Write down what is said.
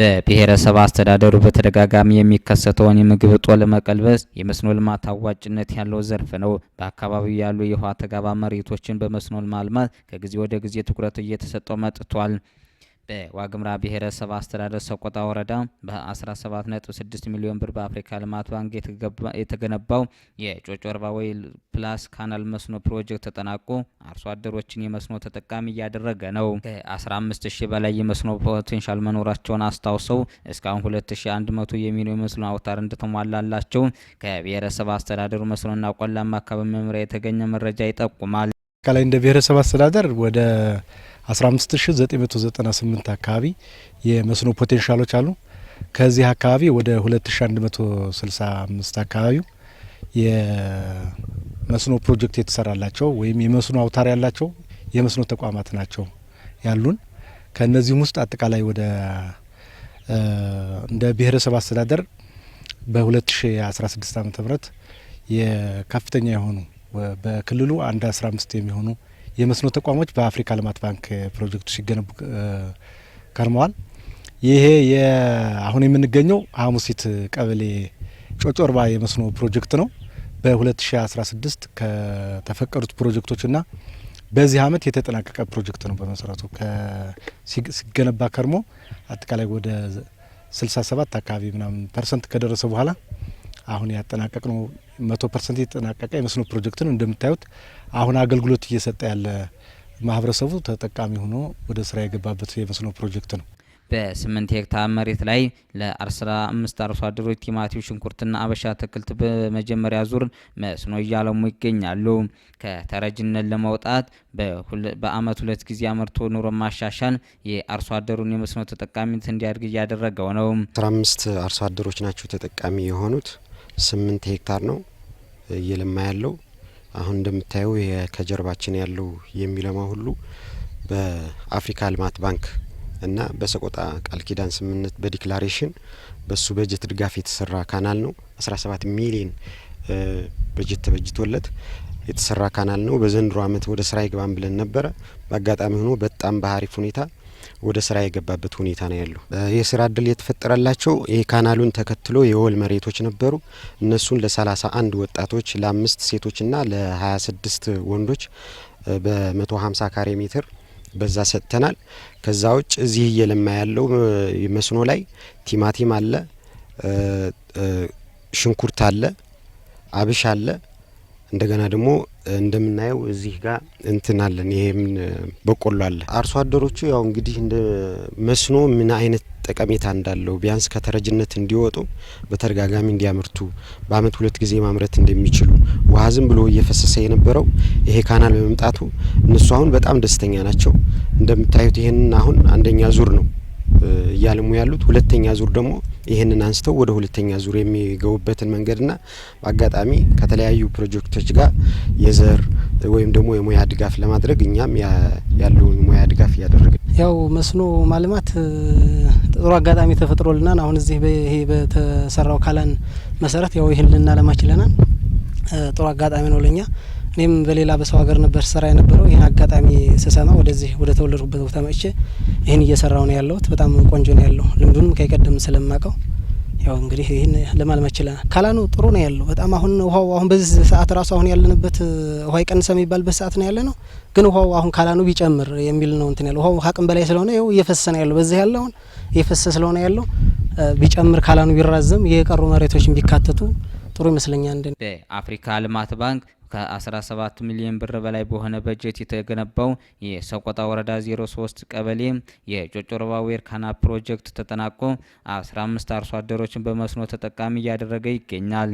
በብሔረሰብ አስተዳደሩ በተደጋጋሚ የሚከሰተውን የምግብ እጦት ለመቀልበስ የመስኖ ልማት አዋጭነት ያለው ዘርፍ ነው። በአካባቢው ያሉ የውሃ ተጋባ መሬቶችን በመስኖ ማልማት ከጊዜ ወደ ጊዜ ትኩረት እየተሰጠው መጥቷል። በዋግምራ ብሔረሰብ አስተዳደር ሰቆጣ ወረዳ በ17.6 ሚሊዮን ብር በአፍሪካ ልማት ባንክ የተገነባው የጮጮርባ ወይ ፕላስ ካናል መስኖ ፕሮጀክት ተጠናቆ አርሶ አደሮችን የመስኖ ተጠቃሚ እያደረገ ነው። ከ15 ሺ በላይ የመስኖ ፖቴንሻል መኖራቸውን አስታውሰው እስካሁን 2100 የሚሆኑ የመስኖ አውታር እንደተሟላላቸው ከብሔረሰብ አስተዳደሩ መስኖና ቆላማ አካባቢ መምሪያ የተገኘ መረጃ ይጠቁማል። አጠቃላይ እንደ ብሔረሰብ አስተዳደር ወደ 15998 አካባቢ የመስኖ ፖቴንሻሎች አሉ። ከዚህ አካባቢ ወደ 2165 አካባቢው የመስኖ ፕሮጀክት የተሰራላቸው ወይም የመስኖ አውታር ያላቸው የመስኖ ተቋማት ናቸው ያሉን። ከእነዚህም ውስጥ አጠቃላይ ወደ እንደ ብሔረሰብ አስተዳደር በ2016 ዓ ም የከፍተኛ የሆኑ በክልሉ አንድ 15 የሚሆኑ የመስኖ ተቋሞች በአፍሪካ ልማት ባንክ ፕሮጀክቱ ሲገነቡ ከርመዋል። ይሄ አሁን የምንገኘው ሀሙሲት ቀበሌ ጮጮርባ የመስኖ ፕሮጀክት ነው። በ2016 ከተፈቀዱት ፕሮጀክቶችና በዚህ አመት የተጠናቀቀ ፕሮጀክት ነው። በመሰረቱ ሲገነባ ከርሞ አጠቃላይ ወደ 67 አካባቢ ምናምን ፐርሰንት ከደረሰ በኋላ አሁን ያጠናቀቅ ነው መቶ ፐርሰንት የተጠናቀቀ የመስኖ ፕሮጀክትን እንደምታዩት አሁን አገልግሎት እየሰጠ ያለ ማህበረሰቡ ተጠቃሚ ሆኖ ወደ ስራ የገባበት የመስኖ ፕሮጀክት ነው። በስምንት ሄክታር መሬት ላይ ለአስራ አምስት አርሶ አደሮች ቲማቲም፣ ሽንኩርትና አበሻ አትክልት በመጀመሪያ ዙር መስኖ እያለሙ ይገኛሉ። ከተረጅነት ለመውጣት በአመት ሁለት ጊዜ አመርቶ ኑሮ ማሻሻል የአርሶ አደሩን የመስኖ ተጠቃሚነት እንዲያድግ እያደረገው ነው። አስራ አምስት አርሶ አደሮች ናቸው ተጠቃሚ የሆኑት። ስምንት ሄክታር ነው እየለማ ያለው። አሁን እንደምታየው ከጀርባችን ያለው የሚለማ ሁሉ በአፍሪካ ልማት ባንክ እና በሰቆጣ ቃል ኪዳን ስምምነት በዲክላሬሽን በሱ በጀት ድጋፍ የተሰራ ካናል ነው። 17 ሚሊዮን በጀት ተበጅቶለት የተሰራ ካናል ነው። በዘንድሮ ዓመት ወደ ስራ ይግባን ብለን ነበረ። በአጋጣሚ ሆኖ በጣም በአሪፍ ሁኔታ ወደ ስራ የገባበት ሁኔታ ነው ያለው። የስራ እድል የተፈጠረላቸው ይህ ካናሉን ተከትሎ የወል መሬቶች ነበሩ። እነሱን ለ አንድ ወጣቶች ለአምስት ሴቶችና ለ ስድስት ወንዶች በመቶ ሀምሳ ካሬ ሜትር በዛ ሰጥተናል። ከዛ ውጭ እዚህ እየለማ ያለው መስኖ ላይ ቲማቲም አለ፣ ሽንኩርት አለ፣ አብሽ አለ። እንደገና ደግሞ እንደምናየው እዚህ ጋር እንትን አለን። ይሄ ምን በቆሎ አለ። አርሶ አደሮቹ ያው እንግዲህ እንደ መስኖ ምን አይነት ጠቀሜታ እንዳለው ቢያንስ ከተረጅነት እንዲወጡ በተደጋጋሚ እንዲያመርቱ በአመት ሁለት ጊዜ ማምረት እንደሚችሉ ውሃ ዝም ብሎ እየፈሰሰ የነበረው ይሄ ካናል በመምጣቱ እነሱ አሁን በጣም ደስተኛ ናቸው። እንደምታዩት ይህንን አሁን አንደኛ ዙር ነው እያለሙ ያሉት፣ ሁለተኛ ዙር ደግሞ ይህንን አንስተው ወደ ሁለተኛ ዙር የሚገቡበትን መንገድና በአጋጣሚ ከተለያዩ ፕሮጀክቶች ጋር የዘር ወይም ደግሞ የሙያ ድጋፍ ለማድረግ እኛም ያለውን ሙያ ድጋፍ እያደረግን ያው መስኖ ማልማት ጥሩ አጋጣሚ ተፈጥሮልናል። አሁን እዚህ ይሄ በተሰራው ካላን መሰረት ያው ይህን ልናለማ ችለናል። ጥሩ አጋጣሚ ነው ለኛ። እኔም በሌላ በሰው ሀገር ነበር ስራ የነበረው። ይህን አጋጣሚ ስሰማ ወደዚህ ወደ ተወለድኩበት ቦታ መጥቼ ይህን እየሰራው ነው ያለሁት። በጣም ቆንጆ ነው ያለው። ልምዱንም ከይቀደም ስለማቀው ያው እንግዲህ ይህን ለማልማት ችለናል። ካላኑ ጥሩ ነው ያለው በጣም አሁን ውሀው አሁን በዚህ ሰዓት ራሱ አሁን ያለንበት ውሀ ይቀንሰ የሚባልበት ሰዓት ነው ያለ ነው። ግን ውሀው አሁን ካላኑ ቢጨምር የሚል ነው እንትን ያለው ውሀው ሀቅም በላይ ስለሆነ ው እየፈሰ ነው ያለው። በዚህ ያለ አሁን እየፈሰ ስለሆነ ያለው ቢጨምር ካላኑ ቢራዘም የቀሩ መሬቶችን ቢካተቱ ጥሩ ይመስለኛል። በአፍሪካ ልማት ባንክ ከ17 ሚሊዮን ብር በላይ በሆነ በጀት የተገነባው የሰቆጣ ወረዳ 03 ቀበሌ የጮጮ ሮባ ዌር ካና ፕሮጀክት ተጠናቆ 15 አርሶ አደሮችን በመስኖ ተጠቃሚ እያደረገ ይገኛል።